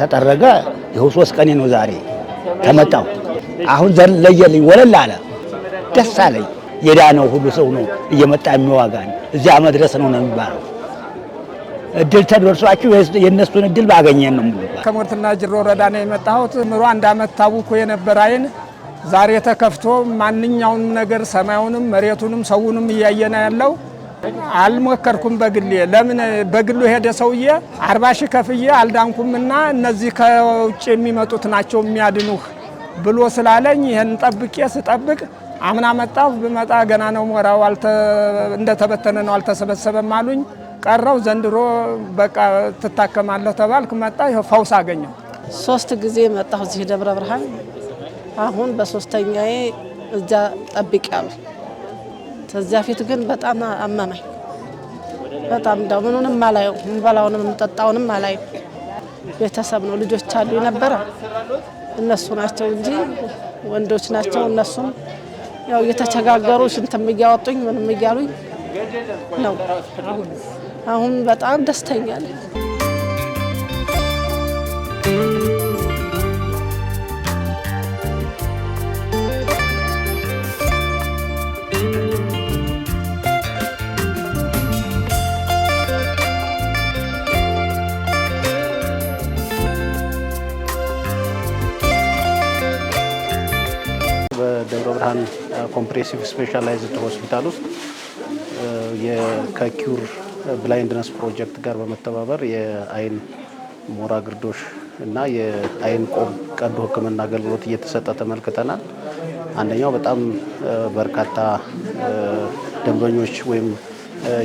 ተጠረገ። ይኸው ሶስት ቀኔ ነው ዛሬ ከመጣሁ። አሁን ዘር ለየልኝ፣ ወለል አለ፣ ደስ አለኝ። የዳነው ሁሉ ሰው ነው እየመጣ የሚዋጋን። እዚያ መድረስ ነው ነው የሚባለው። እድል ተደርሷችሁ የእነሱን እድል ባገኘን ነው ሙሉ። ከሞርትና ጅሮ ወረዳ ነው የመጣሁት። ምሮ አንድ አመት ታውኮ የነበረ አይን ዛሬ ተከፍቶ ማንኛውንም ነገር ሰማዩንም መሬቱንም ሰውንም እያየና ያለው አልሞከርኩም በግሌ ለምን በግሉ ሄደ ሰውዬ አርባ ሺህ ከፍዬ አልዳንኩምና እነዚህ ከውጭ የሚመጡት ናቸው የሚያድኑህ ብሎ ስላለኝ ይህን ጠብቄ ስጠብቅ አምና መጣሁ። ብመጣ ገና ነው ሞራው እንደተበተነ ነው አልተሰበሰበም አሉኝ። ቀረው ዘንድሮ በቃ ትታከማለሁ ተባልክ። መጣ ይኸው ፈውስ አገኘው ሶስት ጊዜ መጣሁ እዚህ ደብረ ብርሃን። አሁን በሶስተኛዬ እዚያ ጠብቅ ያሉ ከዚያ ፊት ግን በጣም አመመኝ። በጣም ዳ ምኑንም አላየው የምበላውንም የምጠጣውንም አላየው። ቤተሰብ ነው ልጆች አሉ ነበረ እነሱ ናቸው እንጂ ወንዶች ናቸው። እነሱም ያው እየተቸጋገሩ ሽንትም እያወጡኝ ምንም እያሉኝ ነው። አሁን በጣም ደስተኛ ነኝ። ኮምፕሬሲቭ ስፔሻላይዝድ ሆስፒታል ውስጥ ከኪዩር ብላይንድነስ ፕሮጀክት ጋር በመተባበር የአይን ሞራ ግርዶሽ እና የአይን ቆብ ቀዶ ሕክምና አገልግሎት እየተሰጠ ተመልክተናል። አንደኛው በጣም በርካታ ደንበኞች ወይም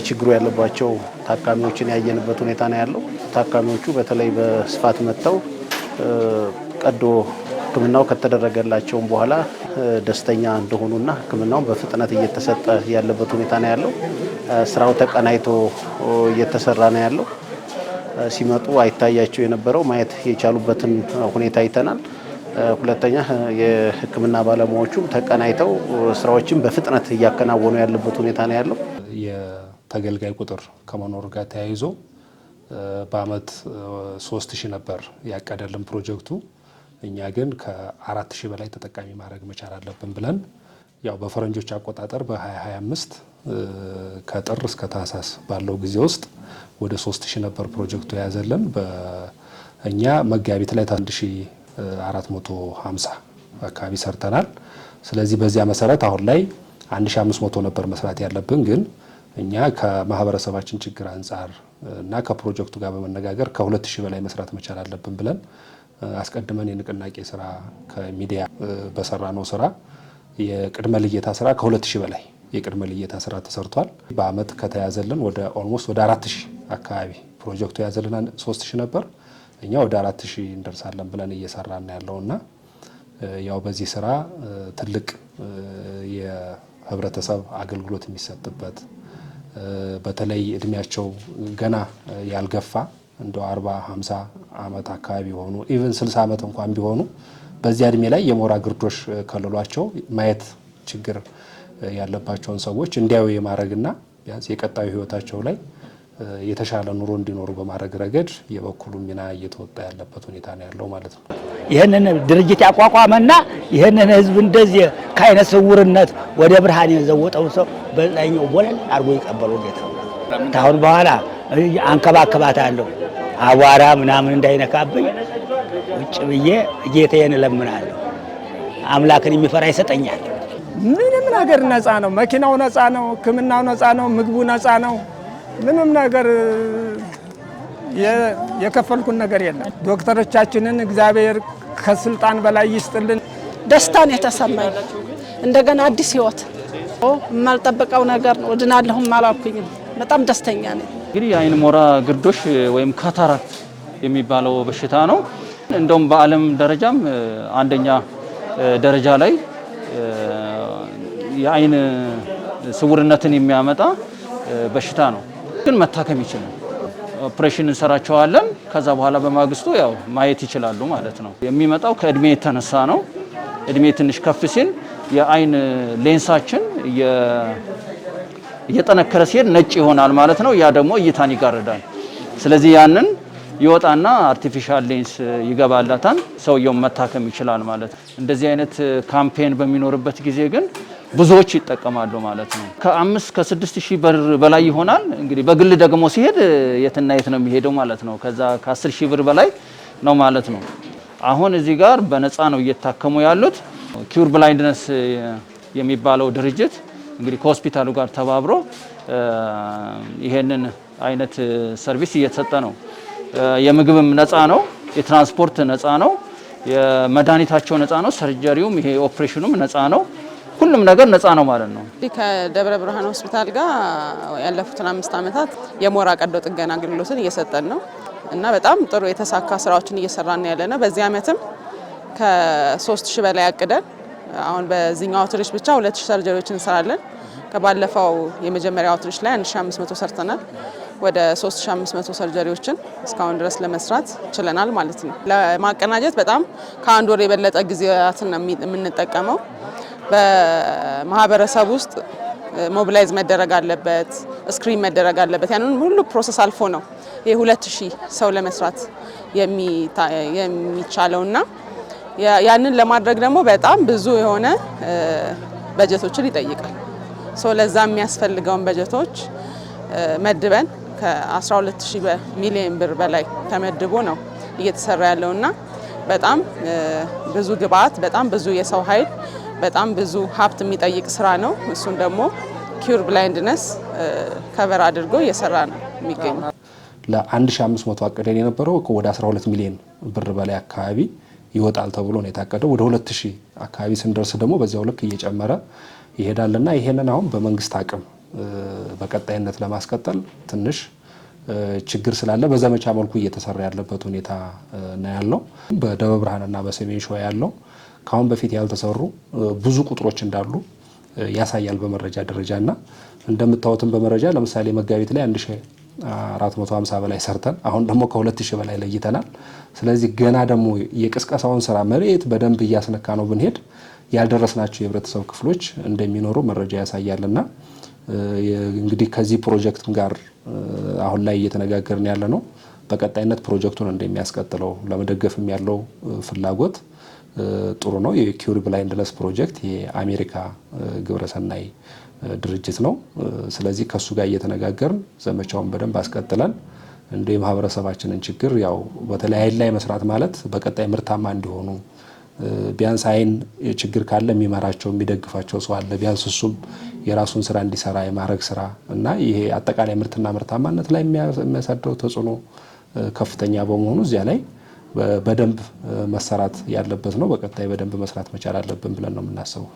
ችግሩ ያለባቸው ታካሚዎችን ያየንበት ሁኔታ ነው ያለው። ታካሚዎቹ በተለይ በስፋት መጥተው ቀዶ ሕክምናው ከተደረገላቸውም በኋላ ደስተኛ እንደሆኑና ሕክምናውን በፍጥነት እየተሰጠ ያለበት ሁኔታ ነው ያለው። ስራው ተቀናይቶ እየተሰራ ነው ያለው። ሲመጡ አይታያቸው የነበረው ማየት የቻሉበትን ሁኔታ አይተናል። ሁለተኛ የሕክምና ባለሙያዎቹም ተቀናይተው ስራዎችን በፍጥነት እያከናወኑ ያለበት ሁኔታ ነው ያለው። የተገልጋይ ቁጥር ከመኖሩ ጋር ተያይዞ በአመት ሶስት ሺህ ነበር ያቀደልን ፕሮጀክቱ እኛ ግን ከአራት ሺህ በላይ ተጠቃሚ ማድረግ መቻል አለብን ብለን ያው በፈረንጆች አቆጣጠር በ2025 ከጥር እስከ ታህሳስ ባለው ጊዜ ውስጥ ወደ 3000 ነበር ፕሮጀክቱ የያዘልን። በእኛ መጋቢት ላይ 1450 አካባቢ ሰርተናል። ስለዚህ በዚያ መሰረት አሁን ላይ 1500 ነበር መስራት ያለብን ግን እኛ ከማህበረሰባችን ችግር አንጻር እና ከፕሮጀክቱ ጋር በመነጋገር ከ2000 በላይ መስራት መቻል አለብን ብለን አስቀድመን የንቅናቄ ስራ ከሚዲያ በሰራ ነው ስራ የቅድመ ልየታ ስራ ከሁለት ሺህ በላይ የቅድመ ልየታ ስራ ተሰርቷል። በአመት ከተያዘልን ወደ ኦልሞስት ወደ አራት አካባቢ ፕሮጀክቱ የያዘልን ሶስት ነበር። እኛ ወደ 4 እንደርሳለን ብለን እየሰራን ያለው እና ያው በዚህ ስራ ትልቅ የህብረተሰብ አገልግሎት የሚሰጥበት በተለይ እድሜያቸው ገና ያልገፋ እንደ 40 50 ዓመት አካባቢ የሆኑ ኢቨን 60 ዓመት እንኳን ቢሆኑ በዚያ እድሜ ላይ የሞራ ግርዶሽ ከልሏቸው ማየት ችግር ያለባቸውን ሰዎች እንዲያዩ የማድረግና ቢያንስ የቀጣዩ ህይወታቸው ላይ የተሻለ ኑሮ እንዲኖሩ በማድረግ ረገድ የበኩሉ ሚና እየተወጣ ያለበት ሁኔታ ነው ያለው ማለት ነው። ይህንን ድርጅት ያቋቋመና ይህንን ህዝብ እንደዚህ ከአይነ ስውርነት ወደ ብርሃን የዘወጠው ሰው በላይኛው ወለል አድርጎ የቀበለው ጌታ ነው። ከአሁን በኋላ አንከባከባታለሁ። አቧራ ምናምን እንዳይነካብኝ ውጭ ብዬ ጌታዬን እለምናለሁ። አምላክን የሚፈራ ይሰጠኛል። ምንም ነገር ነፃ ነው። መኪናው ነፃ ነው። ሕክምናው ነፃ ነው። ምግቡ ነፃ ነው። ምንም ነገር የከፈልኩን ነገር የለም። ዶክተሮቻችንን እግዚአብሔር ከስልጣን በላይ ይስጥልን። ደስታን የተሰማኝ እንደገና አዲስ ህይወት ማልጠበቀው ነገር ነው። እድናለሁም አላልኩኝም። በጣም ደስተኛ ነኝ። እንግዲህ የአይን ሞራ ግርዶሽ ወይም ካታራክት የሚባለው በሽታ ነው። እንደውም በዓለም ደረጃም አንደኛ ደረጃ ላይ የአይን ስውርነትን የሚያመጣ በሽታ ነው። ግን መታከም ይችላል። ኦፕሬሽን እንሰራቸዋለን። ከዛ በኋላ በማግስቱ ያው ማየት ይችላሉ ማለት ነው። የሚመጣው ከእድሜ የተነሳ ነው። እድሜ ትንሽ ከፍ ሲል የአይን ሌንሳችን እየጠነከረ ሲሄድ ነጭ ይሆናል ማለት ነው። ያ ደግሞ እይታን ይጋርዳል። ስለዚህ ያንን ይወጣና አርቲፊሻል ሌንስ ይገባላታል። ሰውየውን መታከም ይችላል ማለት ነው። እንደዚህ አይነት ካምፔን በሚኖርበት ጊዜ ግን ብዙዎች ይጠቀማሉ ማለት ነው። ከአምስት ከስድስት ሺህ ብር በላይ ይሆናል። እንግዲህ በግል ደግሞ ሲሄድ የትና የት ነው የሚሄደው ማለት ነው። ከዛ ከአስር ሺህ ብር በላይ ነው ማለት ነው። አሁን እዚህ ጋር በነፃ ነው እየታከሙ ያሉት። ኪውር ብላይንድነስ የሚባለው ድርጅት እንግዲህ ከሆስፒታሉ ጋር ተባብሮ ይሄንን አይነት ሰርቪስ እየተሰጠ ነው። የምግብም ነፃ ነው፣ የትራንስፖርት ነፃ ነው፣ የመድኃኒታቸው ነፃ ነው፣ ሰርጀሪውም ይሄ ኦፕሬሽኑም ነፃ ነው። ሁሉም ነገር ነፃ ነው ማለት ነው። ከደብረ ብርሃን ሆስፒታል ጋር ያለፉትን አምስት ዓመታት የሞራ ቀዶ ጥገና አገልግሎትን እየሰጠን ነው እና በጣም ጥሩ የተሳካ ስራዎችን እየሰራን ያለ ነው። በዚህ ዓመትም ከሶስት ሺህ በላይ አቅደን አሁን በዚህኛው አውትሪች ብቻ ሁለት ሺህ ሰርጀሪዎች እንሰራለን። ከባለፈው የመጀመሪያ አውትሪች ላይ 1500 ሰርተናል። ወደ 3500 ሰርጀሪዎችን እስካሁን ድረስ ለመስራት ችለናል ማለት ነው። ለማቀናጀት በጣም ከአንድ ወር የበለጠ ጊዜያትን ነው የምንጠቀመው። በማህበረሰብ ውስጥ ሞቢላይዝ መደረግ አለበት፣ ስክሪን መደረግ አለበት። ያንን ሁሉ ፕሮሰስ አልፎ ነው ይህ ሁለት ሺህ ሰው ለመስራት የሚቻለውና ያንን ለማድረግ ደግሞ በጣም ብዙ የሆነ በጀቶችን ይጠይቃል። ሶ ለዛ የሚያስፈልገውን በጀቶች መድበን ከ12 ሚሊዮን ብር በላይ ተመድቦ ነው እየተሰራ ያለውና በጣም ብዙ ግብአት፣ በጣም ብዙ የሰው ኃይል፣ በጣም ብዙ ሀብት የሚጠይቅ ስራ ነው። እሱን ደግሞ ኪዩር ብላይንድነስ ከቨር አድርጎ እየሰራ ነው የሚገኘው። ለ1500 አቅደን የነበረው ወደ 12 ሚሊዮን ብር በላይ አካባቢ ይወጣል ተብሎ ነው የታቀደው። ወደ 2000 አካባቢ ስንደርስ ደግሞ በዚያው ልክ እየጨመረ ይሄዳልና ይሄንን አሁን በመንግስት አቅም በቀጣይነት ለማስቀጠል ትንሽ ችግር ስላለ በዘመቻ መልኩ እየተሰራ ያለበት ሁኔታ ነው ያለው። በደብረ ብርሃንና በሰሜን ሸዋ ያለው ከአሁን በፊት ያልተሰሩ ብዙ ቁጥሮች እንዳሉ ያሳያል በመረጃ ደረጃ እና እንደምታወትም በመረጃ ለምሳሌ መጋቢት ላይ 450 በላይ ሰርተን አሁን ደግሞ ከ2000 በላይ ለይተናል። ስለዚህ ገና ደግሞ የቅስቀሳውን ስራ መሬት በደንብ እያስነካ ነው ብንሄድ ያልደረስናቸው የህብረተሰብ ክፍሎች እንደሚኖሩ መረጃ ያሳያልና እንግዲህ ከዚህ ፕሮጀክት ጋር አሁን ላይ እየተነጋገርን ያለ ነው። በቀጣይነት ፕሮጀክቱን እንደሚያስቀጥለው ለመደገፍም ያለው ፍላጎት ጥሩ ነው። የኪዩር ብላይንድነስ ፕሮጀክት የአሜሪካ ግብረሰናይ ድርጅት ነው። ስለዚህ ከእሱ ጋር እየተነጋገርን ዘመቻውን በደንብ አስቀጥለን እንደ የማህበረሰባችንን ችግር ያው በተለይ አይን ላይ መስራት ማለት በቀጣይ ምርታማ እንዲሆኑ ቢያንስ አይን ችግር ካለ የሚመራቸው የሚደግፋቸው ሰው አለ። ቢያንስ እሱም የራሱን ስራ እንዲሰራ የማድረግ ስራ እና ይሄ አጠቃላይ ምርትና ምርታማነት ላይ የሚያሳድረው ተጽዕኖ ከፍተኛ በመሆኑ እዚያ ላይ በደንብ መሰራት ያለበት ነው። በቀጣይ በደንብ መስራት መቻል አለብን ብለን ነው የምናስበው።